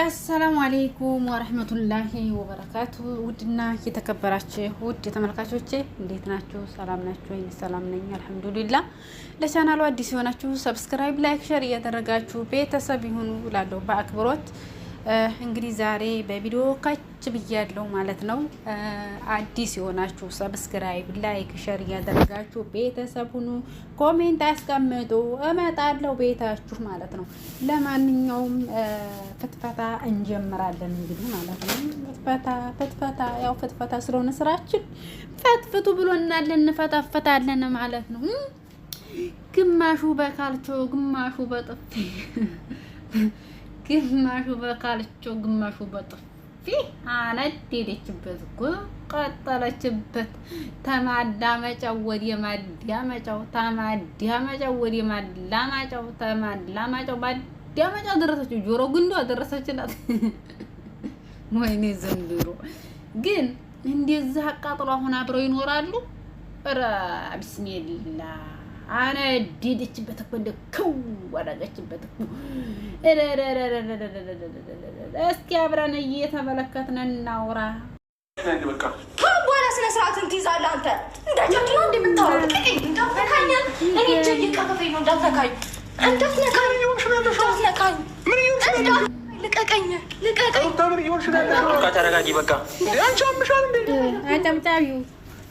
አሰላሙ አሌይኩም ወረህመቱላሂ ወበረካቱ። ውድና የተከበራችሁ ውድ ተመልካቾቼ እንዴት ናችሁ? ሰላም ናችሁ? ሰላም ነኝ አልሐምዱሊላ። ለቻናሉ አዲስ የሆናችሁ ሰብስክራይብ፣ ላይክ፣ ሸር እያደረጋችሁ ቤተሰብ ይሁኑ ላለው በአክብሮት እንግዲህ ዛሬ በቪዲዮ ቁጭ ብያለሁ ማለት ነው። አዲስ የሆናችሁ ሰብስክራይብ፣ ላይክ፣ ሸር እያደረጋችሁ ቤተሰብ ሁኑ። ኮሜንት አስቀምጡ፣ እመጣለሁ ቤታችሁ ማለት ነው። ለማንኛውም ፍትፈታ እንጀምራለን እንግዲህ ማለት ነው። ፍትፈታ ፍትፈታ፣ ያው ፍትፈታ ስለሆነ ስራችን ፈትፍቱ ብሎናል፣ እንፈታፈታለን ማለት ነው። ግማሹ በካልቾ ግማሹ በጥፊ ግማሹ በካልቾ ግማሹ በጥፊ ፊህ አነደደችበት እኮ ቀጠለችበት። ተማዳመጫው ወደ ማዳመጫው ተማዳመጫው ወደ ማዳመጫው ተማዳመጫው ማዳመጫው ደረሰችው። ጆሮ ግንዷ ደረሰችላት። ወይኔ ዘንድሮ ግን እንደዛ አቃጥሎ አሁን አብረው ይኖራሉ። ኧረ ቢስሚላህ አነ እኮ እንደው ክው አደረገችበት እኮ። እስኪ አብረን እየተመለከትን እናውራ። በኋላ ስነ ስርዓትን ትይዛለህ አንተ እንደ ጀግና ነው እንደምታወራው። እንዳትነካኝ፣ እኔ እጄ እየቀፈፈኝ ነው። እንዳትነካኝ፣ እንዳትነካኝ፣ እንዳትነካኝ፣ ልቀቀኝ፣ ልቀቀኝ። ተረጋጊ በቃ። አንቺ አምሻል እንደ አጨብጫቢው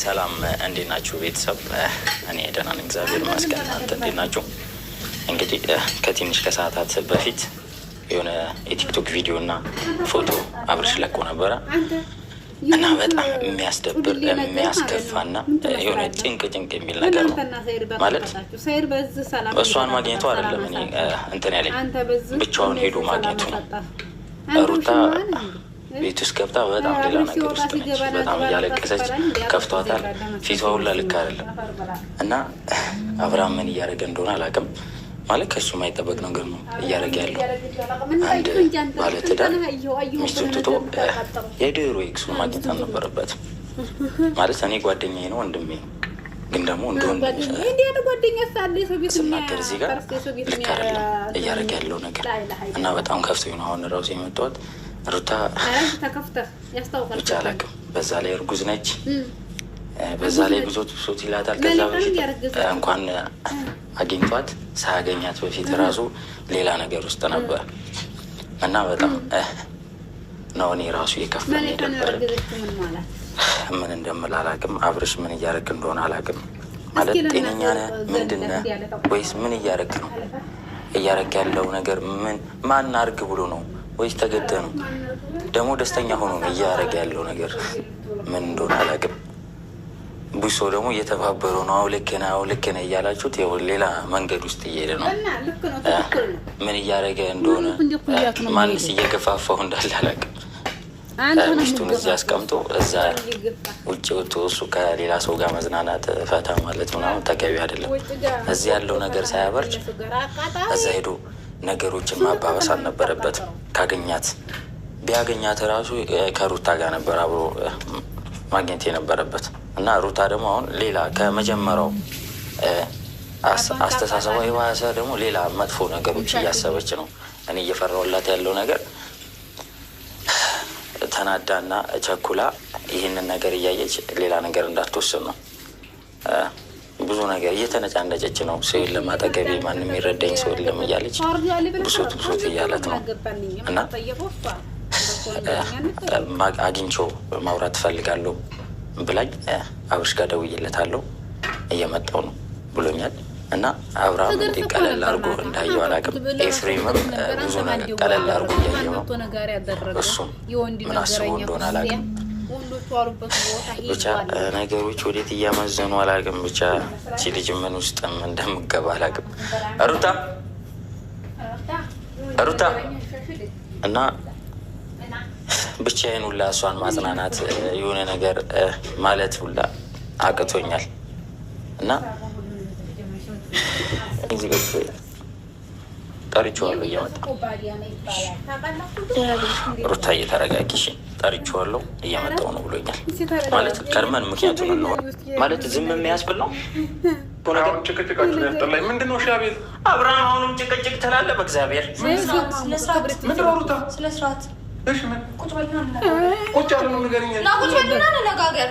ሰላም እንዴት ናችሁ ቤተሰብ? እኔ ደህና ነኝ እግዚአብሔር ይመስገን። እናንተ እንዴት ናችሁ? እንግዲህ ከትንሽ ከሰዓታት በፊት የሆነ የቲክቶክ ቪዲዮ እና ፎቶ አብርሽ ለቆ ነበረ እና በጣም የሚያስደብር የሚያስከፋና የሆነ ጭንቅ ጭንቅ የሚል ነገር ነው። ማለት እሷን ማግኘቱ አይደለም እኔ እንትን ያለኝ ብቻውን ሄዶ ማግኘቱ ነው ሩታ ቤት ውስጥ ገብታ በጣም ሌላ ነገር ውስጥ ነች። በጣም እያለቀሰች ከፍቷታል። ፊቷ ሁላ ልክ አይደለም እና አብርሃም ምን እያደረገ እንደሆነ አላውቅም። ማለት ከሱ የማይጠበቅ ነገር ነው እያደረገ ያለው። አንድ ባለትዳር ሚስቱን ትቶ የድሮ ኤክሱን ማግኘት አልነበረበትም። ማለት እኔ ጓደኛዬ ነው ወንድሜ ግን ደግሞ እንደ ወንድሜ ስናገር እዚህ ጋር ልክ አይደለም እያደረገ ያለው ነገር እና በጣም ከፍቶ ነው አሁን ራሱ የመጣሁት ሩታ ተከፍተህ ያስታውቃል። ብቻ አላውቅም። በዛ ላይ እርጉዝ ነች። በዛ ላይ ብሶት ብሶት ይላታል። ከዛ በፊት እንኳን አግኝቷት ሳያገኛት በፊት ራሱ ሌላ ነገር ውስጥ ነበር እና በጣም ነው እኔ ራሱ የከፋኝ ነበር። ምን እንደምል አላውቅም። አብርሽ ምን እያደረግ እንደሆነ አላውቅም። ማለት ጤነኛ ነህ ምንድን ነህ ወይስ ምን እያደረግ ነው? እያደረግ ያለው ነገር ምን ማን አድርግ ብሎ ነው ወይስ ተገደ ነው? ደግሞ ደስተኛ ሆኖ ነው እያደረገ ያለው ነገር ምን እንደሆነ አላውቅም። ብዙ ሰው ደግሞ እየተባበሩ ነው። አሁ ልክ ነህ፣ አሁ ልክ ነህ እያላችሁት ሌላ መንገድ ውስጥ እየሄደ ነው። ምን እያደረገ እንደሆነ ማንስ እየገፋፋው እንዳለ አላውቅም። ሚስቱን እዚህ አስቀምጦ እዛ ውጭ ወጥቶ እሱ ከሌላ ሰው ጋር መዝናናት ፈታ ማለት ምናምን ተገቢ አይደለም። እዚህ ያለው ነገር ሳያበርድ እዛ ሄዶ ነገሮችን ማባበስ አልነበረበትም። ካገኛት ቢያገኛት ራሱ ከሩታ ጋር ነበር አብሮ ማግኘት የነበረበት እና ሩታ ደግሞ አሁን ሌላ ከመጀመሪያው አስተሳሰቧ የባሰ ደግሞ ሌላ መጥፎ ነገሮች እያሰበች ነው። እኔ እየፈራሁላት ያለው ነገር ተናዳና ቸኩላ ይህንን ነገር እያየች ሌላ ነገር እንዳትወስን ነው። ብዙ ነገር እየተነጫነጨች ነው። ሰው የለም አጠገቤ፣ ማንም ይረዳኝ ሰው የለም እያለች ብሶት ብሶት እያለት ነው እና አግኝቼው ማውራት እፈልጋለሁ ብላኝ አብርሽ ጋር ደውዬለታለሁ እየመጣው ነው ብሎኛል። እና አብርሃም እንዲ ቀለል አድርጎ እንዳየው አላውቅም። ኤፍሬምም ብዙ ነገር ቀለል አድርጎ እያየው ነው። እሱም ምን አስቦ እንደሆነ አላውቅም። ብቻ ነገሮች ወዴት እያመዘኑ አላውቅም። ብቻ እቺ ልጅ ምን ውስጥም እንደምገባ አላውቅም። ሩታ ሩታ እና ብቻዬን ሁላ እሷን ማጽናናት የሆነ ነገር ማለት ሁላ አቅቶኛል እና ጠርቼዋለሁ እየመጣ ሩታ እየተረጋጊሽ ጠርቼዋለሁ እያመጣው ነው ብሎኛል። ማለት ቀድመን ምክንያቱ እንሆን ማለት ዝም የሚያስብለው ነው ምንድነው? ሻቤል አብርሃም አሁንም ጭቅጭቅ ትላለህ። በእግዚአብሔር ቁጭ በልና እንነጋገር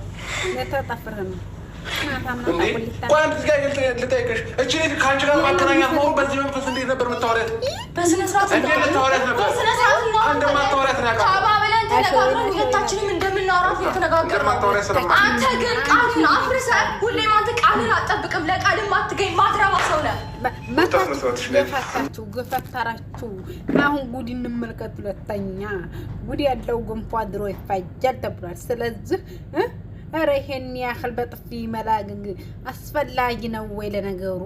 ልጠይቅሽ፣ እቺ ከአንቺ ጋር ማገናኛት መሆኑ በዚህ መንፈስ እንዴት ነበር የምታወሪያት? በስነ ልታወሪያት ነበር እንደማታወሪያት ተባብለን ተነጋግረን ሁለታችንም እንደምናወራት ነው አንተ ግን ቃልን አፍርሰህ ሁሌም አንተ ቃልን አትጠብቅም፣ ለቃልም አትገኝ፣ ማትረባ ሰው ነህ። ገፈታችሁ ገፈታራችሁ። አሁን ጉድ እንመልከት። ሁለተኛ ጉድ ያለው ገንፎ አድሮ ይፋጃል ተብሏል። ስለዚህ ኧረ ይሄን ያህል በጥፊ መላግ አስፈላጊ ነው ወይ? ለነገሩ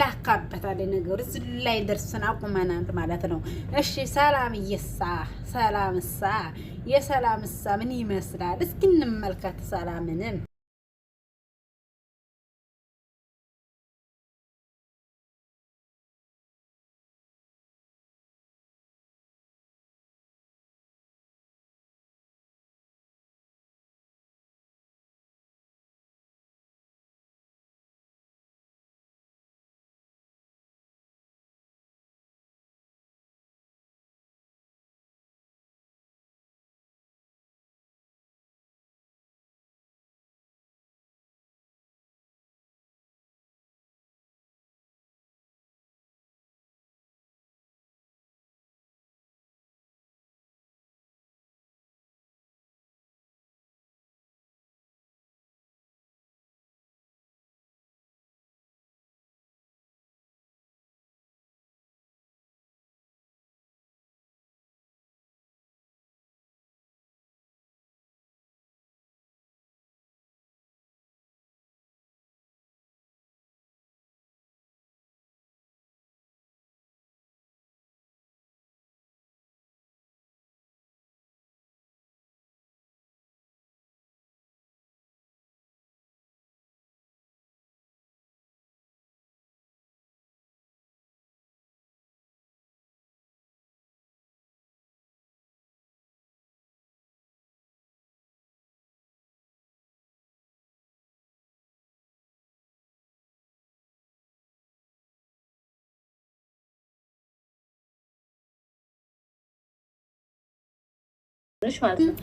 ላካበታል ነገሩ እዚህ ላይ ደርስን አቁመናል ማለት ነው። እሺ ሰላም እየሳ ሰላም እሳ የሰላም ሳ ምን ይመስላል? እስኪ እንመልከት ሰላምንም ነገሮች ማለት ነው።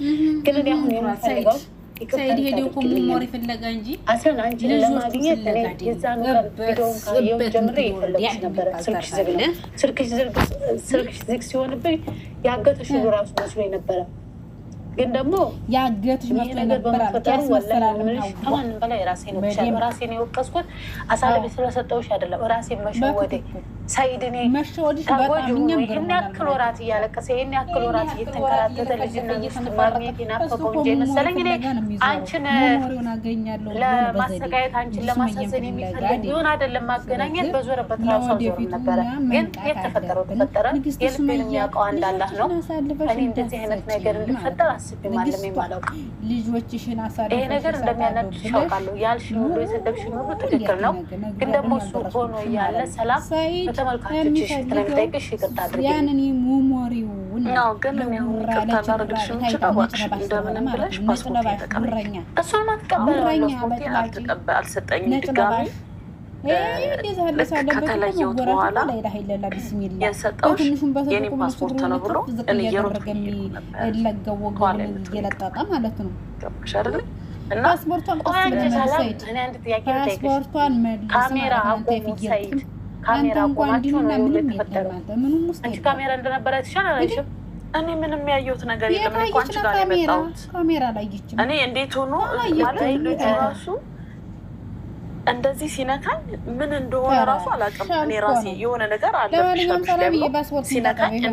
ግን እኔ አሁን የምፈልገው እኮ ይፈለጋ እንጂ ጀምሬ ነበረ። ስልክሽ ዝግ ሲሆንብኝ ያገተሽ እራሱ ነበረ። ግን ደግሞ ያገትሽ ነገር በመፈጠሩ ወላሽ ከማንም በላይ ራሴ ነው ራሴ ነው የወቀስኩት። አሳልፌ ስለሰጠሁሽ አይደለም ራሴን መሸወዴ ሰይድ እኔ ተጎጂ ይህን ያክል ወራት እያለቀሰ ይህን ያክል ወራት እየተንከራተተ ልጅነት ማግኘት የናፈቀው እንጂ መሰለኝ እኔ አንቺን ለማሰቃየት አንቺን ለማሳዘን የሚፈልግ አይደለም። ማገናኘት በዞረበት ራሱ ነበረ። ግን የተፈጠረው ተፈጠረ። የሚያውቀው ነው። እኔ እንደዚህ አይነት ነገር እንድፈጠር አስቤም አለም የማላውቅ ይሄ ነገር ያልሽኝ ሁሉ የሰደብሽኝ ሁሉ ትክክል ነው። ግን ደግሞ እሱ ሆኖ እያለ ሰላም ተመልካቾች ስለሚጠይቅሽ ይቅርታ አድርጊልኝ ነው። ግን ይቅርታ ላደርግልሽ እንችል እባክሽ እንደምንም ብለሽ ፓስፖርት ተቀበል። እሷን አትቀበል ፓስፖርት አልሰጠኝም ድጋሚ ልክ ከተለየሁት በኋላ የሰጠሁሽ የኔ ፓስፖርት ነው ብሎ እኔ እየሮጥኩ ኋላ እየለጠጠ ማለት ነው። ገባሽ አይደለ? እና ፓስፖርቷን መልስ ካሜራ አቆሙ ሰይድ ካሜራ ቆማችሁ ነው የተፈጠረው። አንቺ ካሜራ እንደነበረ አላየሽም? እኔ ምንም ያየሁት ነገር የለም። እኮ አንቺ ጋር እኔ እንዴት ሆኖ ማለት ራሱ እንደዚህ ሲነካኝ ምን እንደሆነ ራሱ አላውቅም። እኔ ራሴ የሆነ ነገር አለብሽ ሲነካኝ